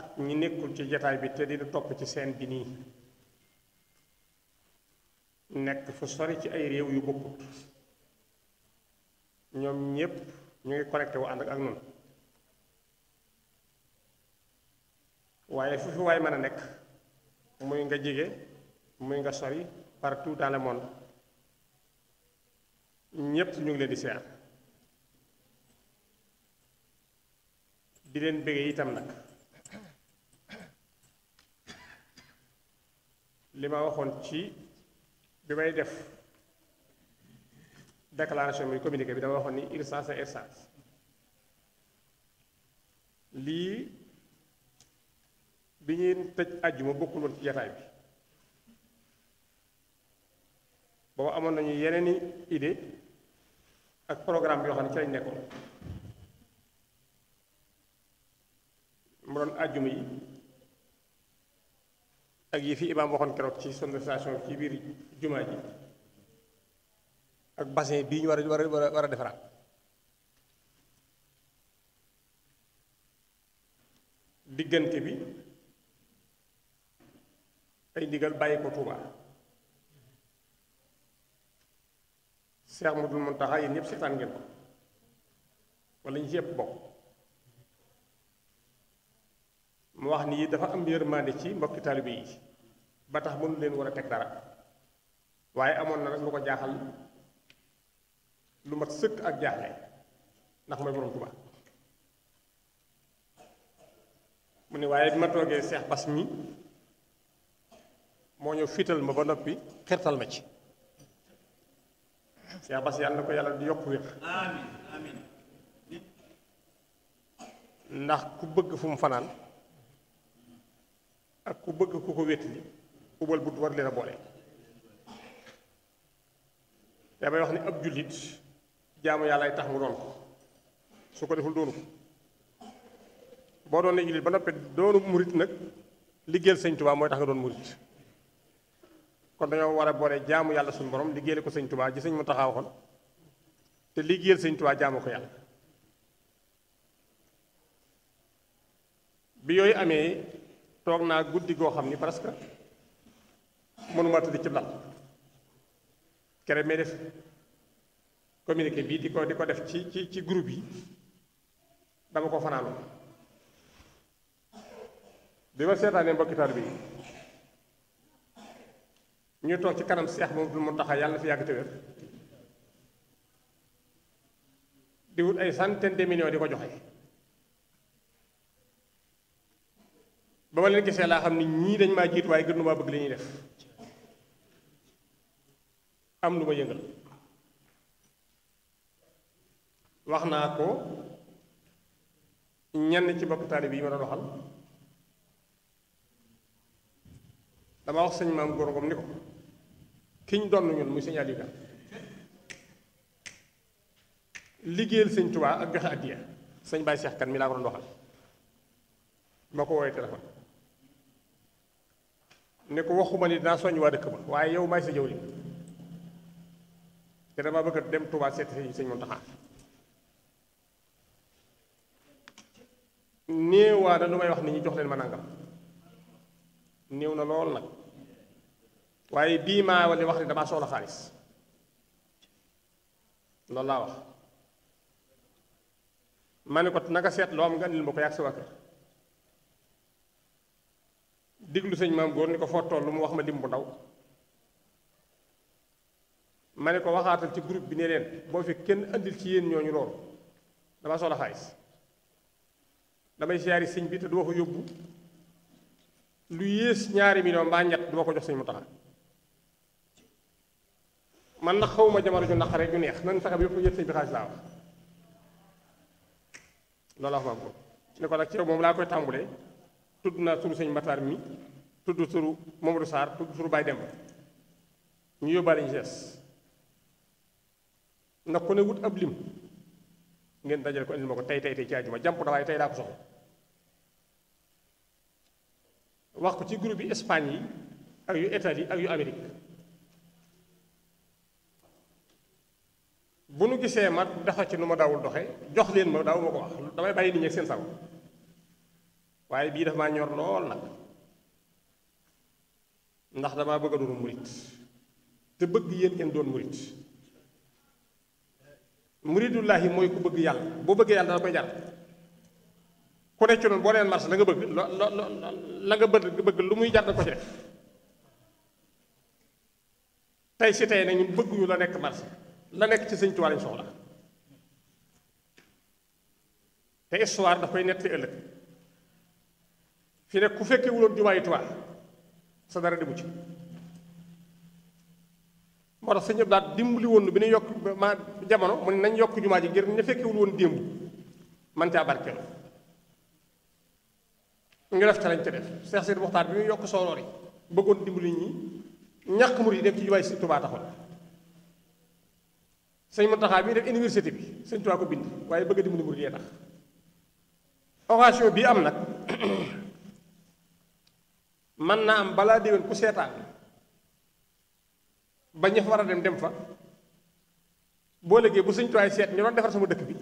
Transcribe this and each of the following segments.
ak ñi nekkul ci jataay bi te dina topp ci seen bi nii nekk fu sori ci ay réew yu bokkut ñoom ñépp ñu ngi connecté wu ànd ak ak noonu waaye fu fi waay mën a nekk muy nga jege muy nga sori partout dans le monde ñépp ñu ngi leen di seen di leen bëggee itam nag li ma waxoon ci bi may def déclaration bi communiqué bi dama waxoon ni irsaas a irsaas lii bi ñuy tëj àjjuma bokkul woon ci jataay bi boobu amoon nañu yeneeni idée ak programme yoo xam ne ci lañ nekkoon mu doon yi ak yi fi imaam waxoon keroog ci sonorisation ci biir jumaa ji ak bassin bii ñu war a war a war a defaraat diggante bi ay ndigal bàyyi ko mu Cheikh Modou Mountakha yéen ñëpp seetaan ngeen ko wala ñu ci bokk mu wax ni dafa am yërmande ci mbokki taalibe yi ba tax mënu leen war a teg dara waaye amoon na rek lu ko jaaxal lu mat sëkk ak jaaxle ndax mooy borom Tuubaa mu ne waaye bi ma toogee Seex Bas mi moo ñëw fiital ma ba noppi xirtal ma ci Seex Bas yàlla na ko yàlla di yokk wér ndax ku bëgg fu fanaan ak ku bëgg ku ko wétali ubal but war leen a boole damay wax ni ab jullit jaamu yàllaay tax mu doon ko su ko deful doonu ko boo doon ne jullit ba noppee doonu murit nag liggéeyal sëñ tubaa mooy tax nga doon murit kon dañoo war a boole jaamu yàlla suñu borom liggéeyal ko sëñ tubaa ji sëñ mu taxaw waxoon te liggéeyal sëñ tubaa jaamu ko yàlla bi yooyu amee toog naa guddi goo xam ni parce mënuma tëdd ci lal kere may def communiqué bii di ko di ko def ci ci ci groupe yi dama ko fanaanoo bi ma seetaanee mbokki taalibe yi ñu toog ci kanam seex moom mu taxa yàlla na fi yàgg te di wut ay centaine de millions di ko joxe ba ma leen gisee laa xam ni ñii dañ maa jiit waaye gënu maa bëgg li ñuy def am lu ma yëngal wax naa ko ñenn ci bokk taalib yi ma doon waxal dama wax sëñ maam góor ngom ni ko kiñ donn ñun muy sëñ Aliou Ka liggéeyal sëñ Tuubaa ak joxe addiya sëñ Baye Cheikh kan mi laa ko doon waxal ma ko woowee téléphone ne ko waxuma ni dinaa soññ waa dëkk ba waaye yow may sa jëw li te damaa bëgg a dem Touba seet si sëñ Mountakha néewaa na lu may wax nit ñi jox leen ma nangam néew na lool nag waaye bii maa wala wax ne damaa soxla xaalis loolu laa wax ma ne ko naka seet loo am nga andil ma ko yàgg sa waa kër diglu sëñ maam góor ni ko foo toll lu mu wax ma dim bu ndaw ma ne ko waxaatal ci groupe bi ne leen boo fi kenn andil ci yéen ñooñu loolu dama soxla xaalis damay siyaari sëñ bi te du ma yóbbu lu yées ñaari million mbaa ñett du ko jox sëñ mu taxa man nag xawma jamono ju naqare ju neex nan fexe ba yëpp yëpp bi xaalis laa wax loolu wax ma ko ne ko ci yow moom laa koy tàmbulee tudd naa turu sëñ Matar mi tudd turu Mamadou Sarr tudd turu Baye Demba ñu yóbbaale ñu si na ku ne wut ab lim ngeen dajale ko indil ma ko tey tey tey ci àjjuma jàmp na waaye tey daa ko soxla wax ko ci groupe yi Espagne yi ak yu Italie ak yu Amérique bu nu gisee ma doxe ci nu ma daawul doxe jox leen ma daw ma ko wax damay bàyyi nit ñi ak seen saw waaye bii dafa maa ñor lool nag ndax damaa bëgg a doon murit te bëgg yéen ngeen doon murit muridullahi mooy ku bëgg yàlla boo bëggee yàlla dana koy jar ku ne ci noonu boo leen mars la nga bëgg lo lo la nga bëgg lu muy jar da ko ci def tey si tey ne ñun bëgguñu la nekk mars la nekk ci sëñ Tuubaa lañ soxla te histoire daf koy nettali ëllëg fi ne ku fekkee wuloon jumaa yi Tuubaa sa dara demu ci moo tax sëñ Abdou dimbali woon bi ñu yokk ma jamono mu ne nañ yokk jumaa ji ngir ñu fekkewul woon démb man caa barkeelu ñu def ca lañ ca def Cheikh bi ñu yokk sooroor yi bëggoon dimbali ñi ñàkk murid yi def ci jumaa si Tuubaa taxoon sëñ Mountakha bi def université bi sëñ Tuubaa ko bind waaye bëgg dimbali murid yee tax occasion bii am nag mën naa am balaa déwén ku seetaan ba ña fa war a dem dem fa boo léegi bu Sëñ Tuubaa seet ñu doon defar sama dëkk bi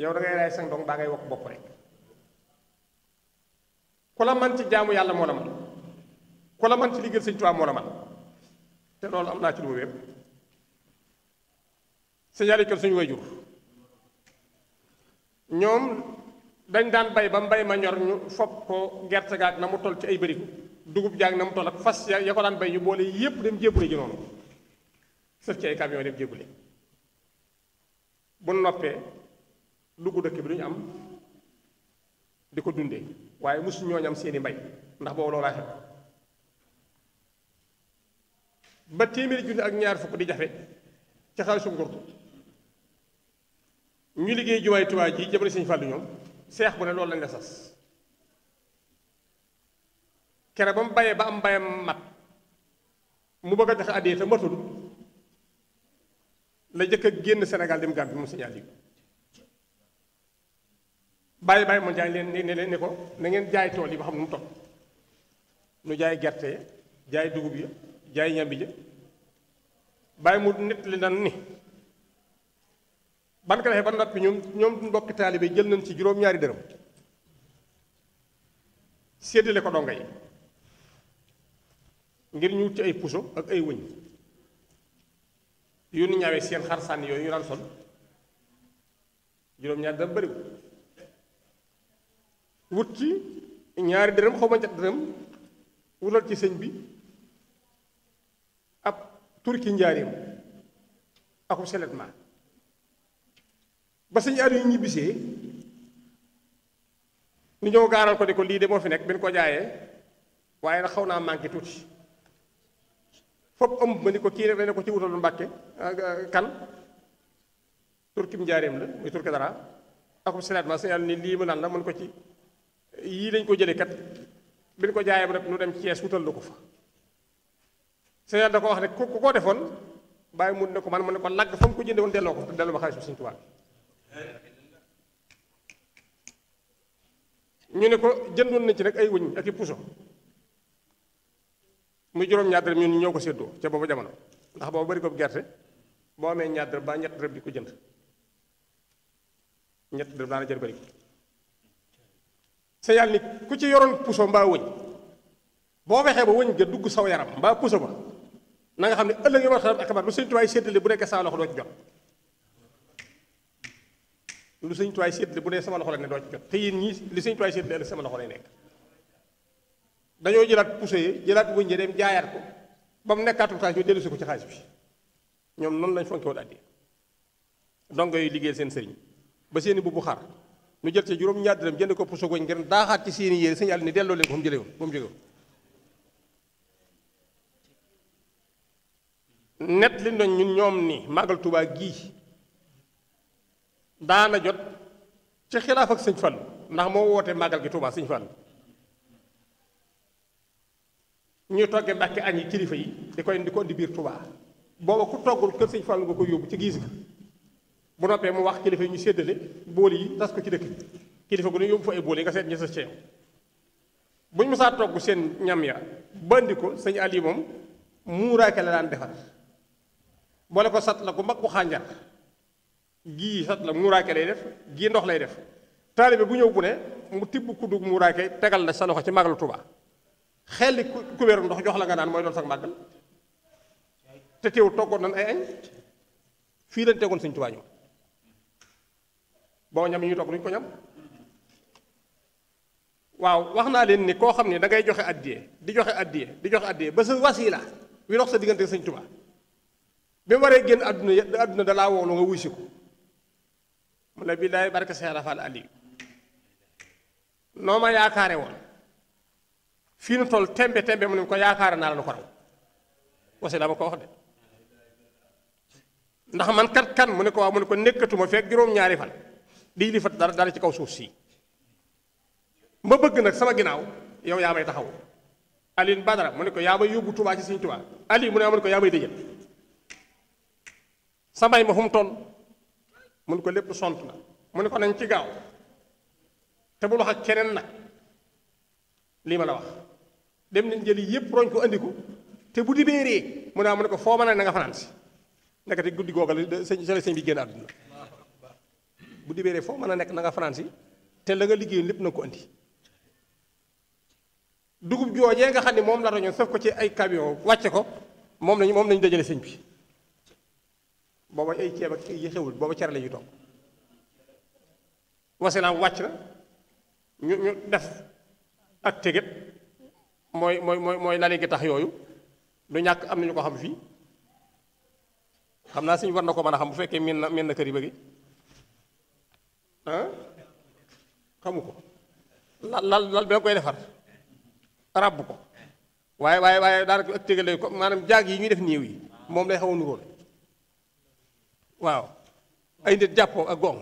yow da ngay raay sang dong baa ngay wokk bopp rek ku la man ci jaamu yàlla moo la man ku la man ci liggéeyal Sëñ Tuubaa moo la man te loolu am naa ci lu ma wér señaari kër suñu wayjur ñoom dañ daan bay ba mu bay ma ñor ñu fopp ko gerte gaag na mu toll ci ay bërigo dugub jàng na mu toll ak fas ya ko daan bay ñu boole yépp dem jébbule ji noonu sëf ci ay camion dem am di ko dundee waaye mosu seeni mbay ndax boobu loolaa xew ba ñaar fukk di jafe ci liggéey jumaay Tuubaa ji jëmale Sëñ Fallu ñoom seex bu ne loolu lañ la sas kere ba mu bayee ba am bayam mat mu bëgg a joxe addiya te matul la jëkk a génn Sénégal dem Gambie moom Serigne Aliou bàyyi bàyyi mu jaay leen ne leen ne ko na ngeen jaay tool yi ba xam nu mu toll nu jaay gerte jaay dugub ya jaay ñambi ja bàyyi mu nett li nan ni ban ko defee ba noppi ñoom ñoom mbokki taalibe jël nañ ci juróom-ñaari dërëm séddale ko donga yi ngir ñu ci ay puso ak ay wëñ yónni ñaawee seen xar sànni yooyu ñu daan sol juróom-ñaar dara bëriwul wut ci ñaari dërëm xaw ma ñetti dërëm wutal ci sëñ bi ab turki njaareem aku seletment ba sëñ aar yu ñibbisee ñu ñëw gaaral ko di ko lii de moo fi nekk bi koo ko jaayee waaye nag xaw naa manqué tuuti fop ëmb ba ni ko kii rek dañ ko ci wutalu mbàkke ah, ah, kan turkim njaareem la muy turki dara akum sénat ma sénat ni lii ma naan la mën ko ci yii lañ ko jëlee kat bi ko jaayee ba nu dem Cees wutal lu ko fa sénat wax ne ku koo defoon bàyyi mun ne ko man mu ne ko lagg ko jënde woon delloo ko delloo ma xaalis bu ko jëndoon nañ ci nag ay wëñ ak i puso muy juróom-ñaar dërëm ñun ñoo ko séddoo ca boobu jamono ndax boobu bari ko gerte boo amee ñaat dërëm ba ñett dërëm di ko jënd ñett dërëm a jër bari ko sa yàlla ni ku ci yoroon puso mbaa wëñ boo fexee ba wëñ ga dugg saw yaram mbaa puso ba na xam ne ëllëg yomal xaram akabar lu sëñ tuwaay séddale bu nekk saa loxo doo ci jot lu sëñ bu nekk sama loxo la ne doo ci jot te yéen ñii li sëñ tuwaay sama loxo lay nekk dañoo jëlaat puso yi jëlaat wëñ yi jaayaat ko ba mu nekkaatul xaalis bi dellusi ko ci xaalis bi ñoom noonu lañ fonke woon àddee dongo yi liggéeyal seen sëriñ ba seeni bu bu xar ñu jël ci juróom ñaar dërëm jënd ko puso goñ ngir daaxaat ci seeni yére sëñ àll ni delloo leen ko fa mu jëlee woon fa mu net li nañ ñun ñoom ni màggal Tuubaa gii daana jot ci xilaaf ak sëñ Fallu ndax moo wootee màggal gi Tuubaa sëñ Fallu ñu toggee mbàkke añ yi kilifa yi di koy di ko indi biir Touba booba ku toggul kër sëñ Fallu nga koy yóbbu ci giis gi bu noppee mu wax kilifa yi ñu seddale bool yi tas ko ci dëkk bi kilifa yi nga seet ñi sa ceew bu ñu mësaa togg seen ñam ya bandi ko sëñ Ali moom muuraake la daan defar boole ko sat la ku mag bu xànjar gii sat la muuraake lay def gii ndox lay def taalibe bu ñëw bu ne mu tibb kuddug muuraake tegal na sa loxo ci magalu Touba xelli kubéeru ndox jox la nga naan mooy doon sax màggal te teew toggoon nan ay añ fii lañ tegoon sëñ Tuubaa ñoom boo ñam yi ñuy togg duñ ko ñam waaw wax naa leen ni koo xam ne dangay ngay joxe addiye di joxe addiye di joxe addiye ba sa wasila wi dox sa diggante sëñ Tuubaa bi mu waree génn àdduna àdduna dalaa woolu nga wuy si ko mu la billaay barke Seex Rafal Aliou noo ma yaakaare woon fii nu toll tembe tembe mu ne ko yaakaar naa la nu ko raw wasi dama ko wax de ndax man kat kan mu ne ko waaw mu ne ko nekkatuma fekk juróom-ñaari fan di li fa dara dara ci kaw suuf sii ma bëgg nag sama ginnaaw yow yaa may taxaw Alioune Badara mu ne ko yaa may yóbbu Touba ci Sëriñ Touba Aliou mu ne ko yaa may dëjël samay ma fu mu toll mu ne ko lépp sont na mu ne ko nañ ci gaaw te bul wax ak keneen nag lii ma la wax dem nañ jëli yëpp roñ ko andi ko te bu dibéeree mu naa ah, mu ne ko foo mën a na nga fanaan si nekkati guddi googu la sëñ sële sëñ bi génn àdduna bu dibéeree foo mën a nekk nanga nga fanaan si te la nga liggéey lépp na ko andi dugub joojee nga xam ne moom la roñoon saf ko ci ay camion wàcce ko moom lañ moom lañu dajale sëñ bi booba ay ceeb ak yi xewul booba cere la ñuy toog wàcc na ñu ñu def ak teget mooy mooy mooy mooy lale gi tax yooyu lu ñàkk am nañu ko xam fii xam naa suñu war na ko mën a xam bu fekkee miin na miin na kër yi bëgg ah xamu ko lal lal lal da koy defar rabb ko waaye waaye waaye daanaka ak tégale ko maanaam jaag yi ñuy def niiw yi moom lay xaw a waaw ay nit jàppoo ak gong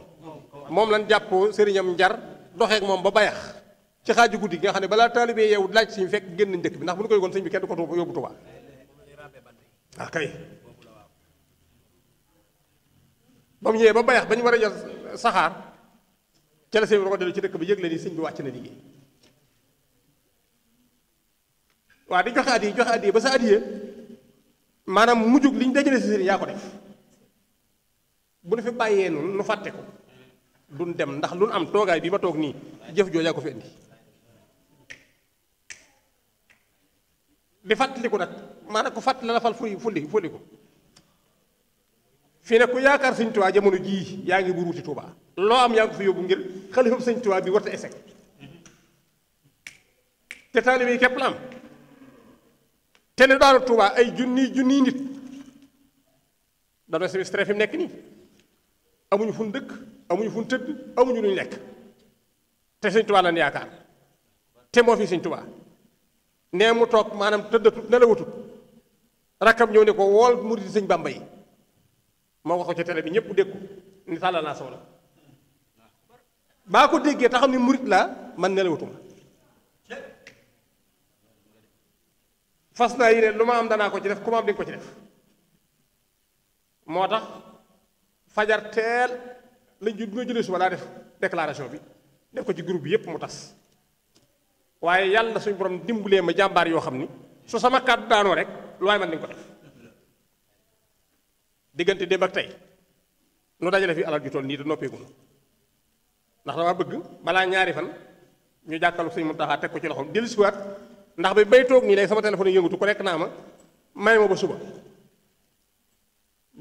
moom lan jàppoo sëriñam njar doxeek moom ba bayax ci xaaju guddi nga xam ne balaa taalibe yow laaj suñu fekk génn nañ dëkk bi ndax bu ñu koy woon sëñ bi kenn du ko yóbbu Tuubaa ah kay ba mu ñëwee ba bayax ba war a jot saxaar ca la sëñ bi ko ci dëkk bi yëg la ni sëñ bi wàcc na liggéey waa di joxe addiya joxe yi ba sa addiya maanaam mujjug li ñu dajale si sëriñ yaa ko def bu nu fi bàyyee noonu nu fàtte ko duñ dem ndax lu nu am toogaay bi ma toog nii jëf jooja ko fi indi li fàttaliku nag maanaam ku fàttali la fal fuli fuli fuliku fii ne ku yaakaar sëñ Tuubaa jamono jii yaa ngi buruuti Tuubaa loo am yaa ngi ko fi yóbbu ngir xalifam sëñ Tuubaa bi warta échec te taalibe yi képp la am te ne daanu Tuubaa ay junni junni nit daanoo sinistré fi nekk nii amuñu fu ñu dëkk amuñu fu tëdd amuñu lu ñu lekk te sëñ Tuubaa yaakaar te moo fi sëñ Tuubaa nee mu toog maanaam tëddatut nelawutut rakkam ñëw ne ko wool murid sëñ bàmba yi moo wax ko ci télé bi ñëpp dégg ko ni tàllal naa soxla baa ko déggee taxam ni murid laa man nelawutuma fas naa yi ne lu ma am danaa ko ci def ku ma am di ko ci def moo tax fajar teel lañ ju bi ma jëlee suba laa def déclaration bi def ko ci groupe bi yépp mu tas waaye yàlla suñ borom dimbalee ma jàmbaar yoo xam ni su sama kàddu daanoo rek lu waay man ni ko def diggante démb ak tey nu dajale fi alal ju toll nii da noppeegul ndax dama bëgg balaa ñaari fan ñu jàkkalu sëñ Muntaxa teg ko ci loxoom dellu siwaat ndax bi bay toog nii léegi sama téléphone yëngutu ku nekk naa ma may ma ba suba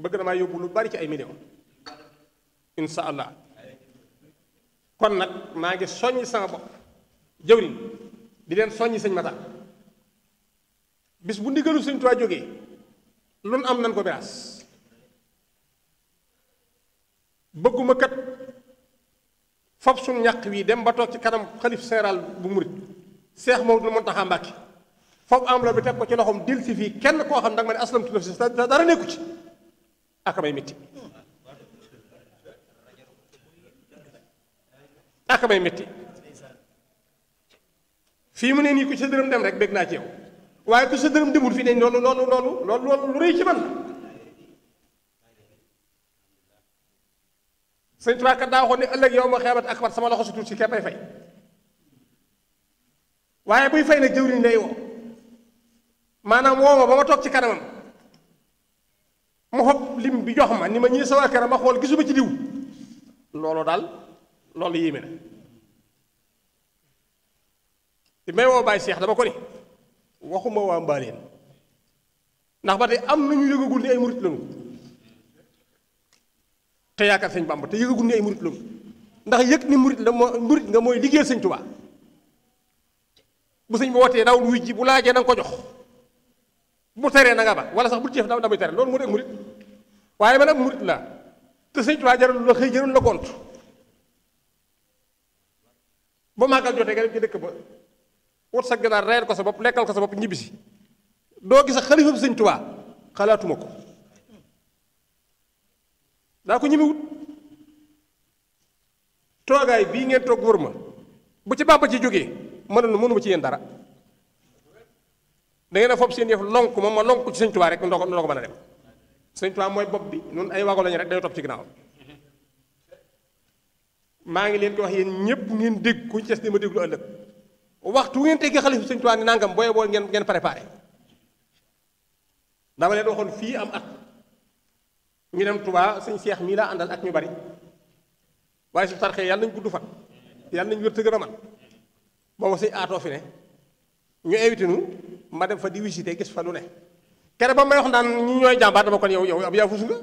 bëgg na maa yóbbu lu bari ci ay million insha allah kon nag maa ngi soññ sama bopp jëwriñ di leen soññi sëñ Matar bis bu ndigalu sëñ Tuubaa jógee lu am nan ko beraas bëgguma kat fab suñu ñaq wi dem ba toog ci kanam xalif général bu murit Seex Mawdo Muntaxa Mbàkke fab enveloppe bi teg ko ci loxoom dil si fii kenn koo xam ne danga ma ne aslamtu nafsi dara nekku ci ak may métti ak may métti fii mu ne nii ku sa dërëm dem rek bég naa ci yow waaye ku sa dërëm demul fii ne loolu loolu loolu loolu loolu lu rëy ci man sëñ Tuubaa kat daa waxoon ne ëllëg yow ma xeebat sama loxo sutul si keppay fay waaye buy fay nag jëwriñ lay woo maanaam woo ma ba ma toog ci kanamam ma xob lim bi jox ma ni ma ñii sa waa kanam ma xool gisuma ci diw loolu daal loolu yéeme na bi may woo Baye Cheikh dama ko ni waxuma waa mbaaleen ndax ba tey am nañu yëgagul ni ay murit lañu te yaakaar sëñ Bàmba te yëgagul ni ay murit ndax yëg ni murit la moo murit nga mooy liggéeyal sëñ Tuubaa bu sëñ bi wootee daawul wuy ji bu laajee na ko jox bu teree na nga ba wala sax bu ceef daaw damay tere loolu moo de murit waaye man ak murit la te sëñ Tuubaa jarul la xëy jarul la kont ba màggal jotee nga dem ci dëkk ba wut sa ginaar reyal ko sa bopp lekkal ko sa bopp ñibbisi doo gis a xalifa bi sëñ xalaatuma ko daa ko ñeme wut toogaay bii ngeen toog wër ma bu ci bàmba ci jógee mën na mënuma ci yéen dara da ngeen a fopp seen yëf lonk ma ma lonk ci sëñ tubaa rek ndoo ko a dem sëñ tubaa mooy bopp bi nun ay wago lañu rek dañu topp ci ginnaaw maa ngi leen ko wax yéen ñëpp ngeen dégg ku ñu des di ma déglu ëllëg waxtu ngeen tege xalifa seigne touba ni nangam boy boo ngeen ngeen préparé dama len waxoon fi am at ñu dem touba seigne cheikh mi la andal ak ñu bari way su tarxee yalla nañ guddu fa yalla nañ wërte gëna a man booba seigne ato fi ne ñu invité nu ma dem fa di visiter gis fa lu ne kéré ba may wax naan ñi ñoy jambar dama kon yow yow ab ya fusu nga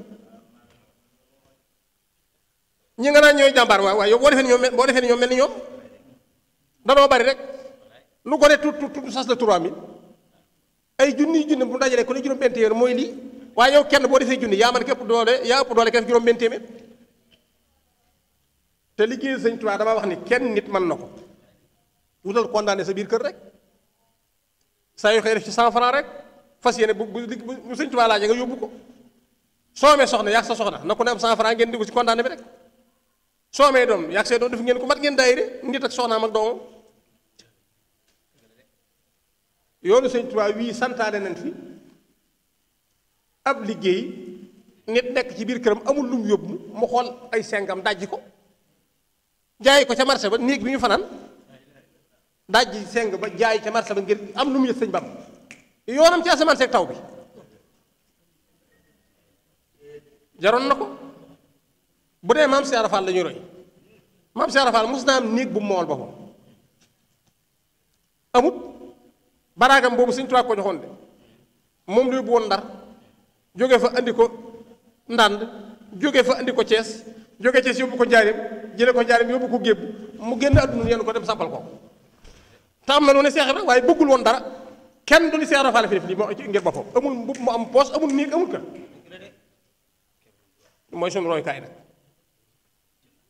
ñi nga naan ñoy jambar way waaye yow boo defee ni ñoom boo defee ni ñoom mel bari rek lu ko ne tu tu sas la 3000 ay junni junni bu dajalee ku ne juróom benn téeméer mooy lii waaye yow kenn boo defee junni yaa man képp doole yaa ëpp doole kenn liggéey sëñ Tuubaa damaa wax ni kenn nit mën na ko wutal condamné sa biir kër rek sa yu xëy def ci 100 francs rek fas yéene bu bu bu sëñ Tuubaa laajee nga yóbbu ko soo amee soxna yaa sa soxna na ku ne am 100 francs ngeen dugg ci condamné bi rek soo amee doom yaa say doom def ngeen ko mat ngeen daayire nit ak soxnaam ak doomam. yoonu sëñ Tuubaa wii santaane nañ fi ab liggéey nit nekk ci biir këram amul lum yóbbu mu xool ay sengam dajji ko jaayi ko ca marché ba néeg bi ñu fanaan dajji seng ba jaayi ca marché ba ngir am lu mu yëg sëñ Bàmba yoonam ci asamaan seeg taw bi jaroon na ko bu dee maam Cheikh Ibra Fall la roy maam Cheikh Ibra Fall mos naa am néeg bu mool boppam amut baraagam boobu Sëñ Tuubaa ko joxoon de moom lu yóbbu woon Ndar jóge fa indi ko ndànd jóge fa indi ko Cees jóge Cees yóbbu ko Njaaréem jële ko Njaaréem yóbbu ko gébb mu génn àdduna yenn ko dem sampal ko te am na noonu Seex Ibra waaye bëggul woon dara kenn du ni Seex Ibra Faal fi def lii moo ci ngir boppam amul mbubb mu am poos amul néeg amul kër mooy suñu royukaay nag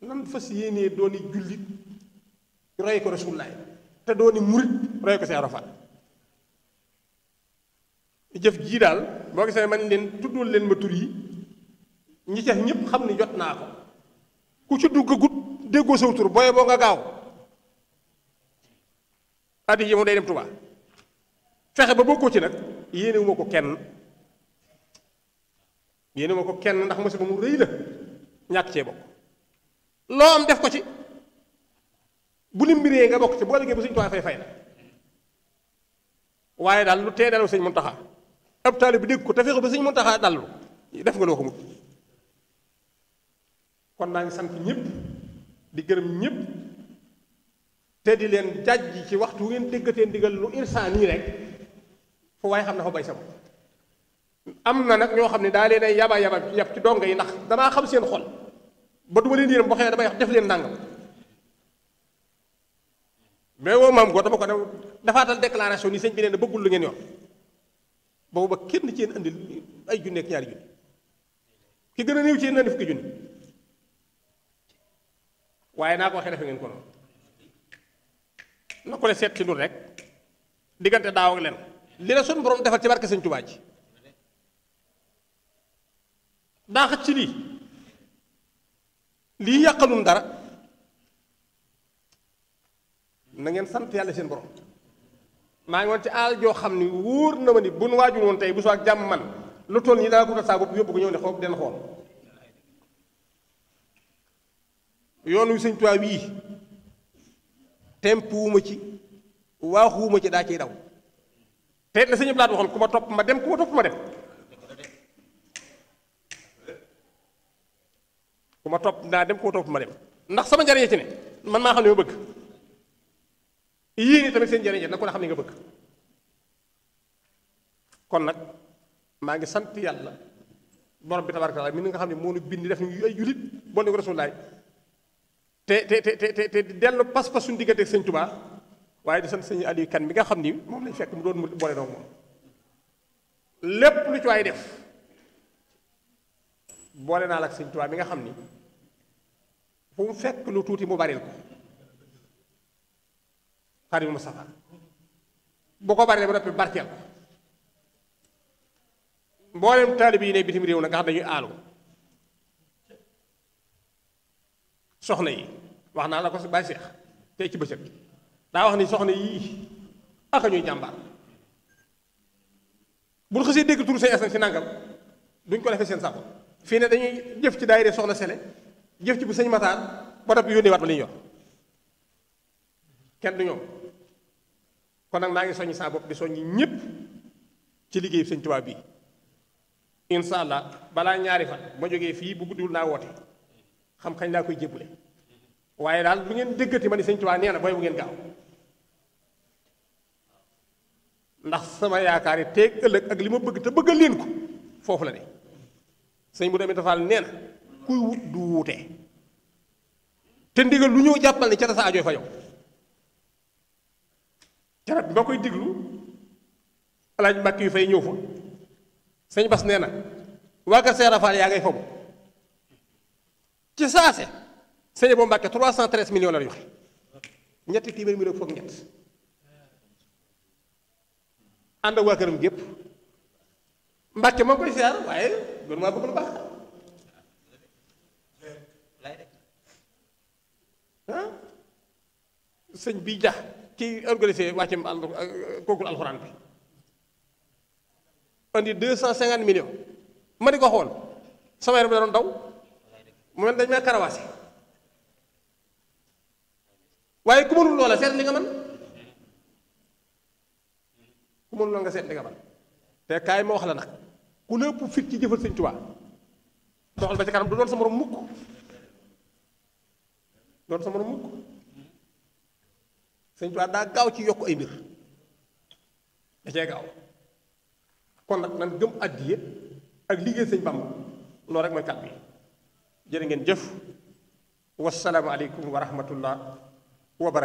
nan fas yéenee dooni jullit roy ko Rasulullaay te dooni murit roy ko Seex Ibra jëf jii daal boo gisee man leen tuddul leen ma tur yi ñi ca ñëpp xam ni jot naa ko ku ci dugg gut déggoo saw tur boo nga gaaw addi yi mu day dem Tuubaa fexe ba bokkoo ci nag yéenewuma ko kenn yéenewuma ko kenn ndax musiba mu rëy la ñàkk cee loo am def ko ci bu li mbiree nga bokk ci boo liggéey bu Sëñ Tuubaa fay fay la waaye daal lu tee dalaw Sëñ taxa ab taalib bi dégg ko te fexe ba sëñ Muntaxa dallu def nga ko mut kon naa ngi sant di gërëm ñëpp te di leen jàjj ci waxtu wu ngeen déggatee ndigal lu irsan nii rek fu xam na fa bay sama am na nag ñoo xam ne daa leen ay yaba yaba ci donga yi ndax damaa xam seen xol ba duma leen yéen boo xëyee damay def leen nangam mais woo maam goo dama ko ne defaatal déclaration ni sëñ bi leen na bëggul lu ngeen yoon booba kenn ci yéen andi ay junne ak ñaari junne ki gën a néew ci yéen andi fukki junne waaye naa ko waxee defe ngeen ko na ko ne seet ci ndul rek diggante daaw leen li la sun borom defal ci barke Sëñ Tuubaa ci daa xëcc ci lii lii yàqalun dara na ngeen sant yàlla seen borom maa ngi woon ci àll joo xam ni wóor na ma ni bu nu waajur woon tey bu soo ak jàmm man lu toll nii dana ko tax saa bopp yóbbu ko ñëw ne xool den xool yoon wi sëñ Tuubaa wii temp wuma ci waaxuwuma ci daa ciy daw te it na sëñ Blaat waxoon ku ma topp ma dem ku ma topp ma dem ku topp dem ku ma topp ma dem ndax sama njariñ ci ne man maa xam ne ma bëgg yéene tamit seen njëriñ na ko xam ne nga bëgg kon nag maa ngi sant yàlla borom bi tabaraka taala mi nga xam ne moo nu bind def ñu ay julit bon ko rasulaay te te te te te dellu pas-pas suñu diggante ak sëñ Tubaa waaye di sant sëñ nga xam ni moom lañ fekk mu doon mu boole noonu moom lépp lu ci waay def boole naa la ak Tubaa mi nga xam ni fu mu fekk lu tuuti mu baril ko xarit mu safar bu ko baree ba noppi barkeel ko mboolem taalib yi ne bitim réew na nga xam dañuy aalu soxna yi wax naa la ko si bàyyi seex tey ci bëccëg daa wax ni soxna yii aka ñuy jàmbaar bu ñu xasee dégg turu say askan si nangam duñ ko defee seen sàkko fii ne dañuy jëf ci daayira soxna sele jëf ci bu sëñ Matar ba noppi yónnee waat ba li yor kenn du ñoom kon nag maa ngi soññ saa bopp di soññ ñépp ci liggéey sëñ Tuubaa bii incha allah balaa ñaari fa ma jógee fii bu guddiwul naa woote xam kañ laa koy jébbule waaye daal bu ngeen déggati ma ni sëñ Tuubaa nee booy bu ngeen gaaw ndax sama yaakaar yi teeg ëllëg ak li ma bëgg te bëggal leen ko foofu la de sëñ bu demee dafaal nee na kuy wut du wuutee te ndigal lu ñëw jàppal ni ca ta sa ajooy fa yow jarab bi boo koy diglu alaaj mbàkk yu fay ñëw fa sëñ bas nee na waa kër Seera Faal yaa ngay fobu ci saase sëñ boo mbàkke 313 millions la joxe ñetti téeméer mi rek foog ñett ànd ak waa këram gépp mbàkke moo koy seer waaye doonu maa bëgg lu baax sëñ bi jax ki organiser organisé wàccam kokul alxuraan bi andi 250 millions ma di ko xol sama yaram da doon daw mu mel dañ ma karawasi waye ku mënul lola seet li nga man ku mënul nga seet li nga man té kay mo wax la nak ku lepp fit ci jëfël sëñ tuba doxal ba ci karam du doon sama rom mukk doon sama rom mukk sëñ Tuubaa daa gaaw ci yokk ay mbir da gaaw kon nag nan gëm àddiye ak liggéey sëñ Bàmba loolu rek mooy kat bi jërë ngeen jëf wasalaamu aleykum wa